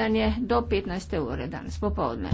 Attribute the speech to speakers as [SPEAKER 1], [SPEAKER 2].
[SPEAKER 1] spotkanje do 15. ure danas popovdne.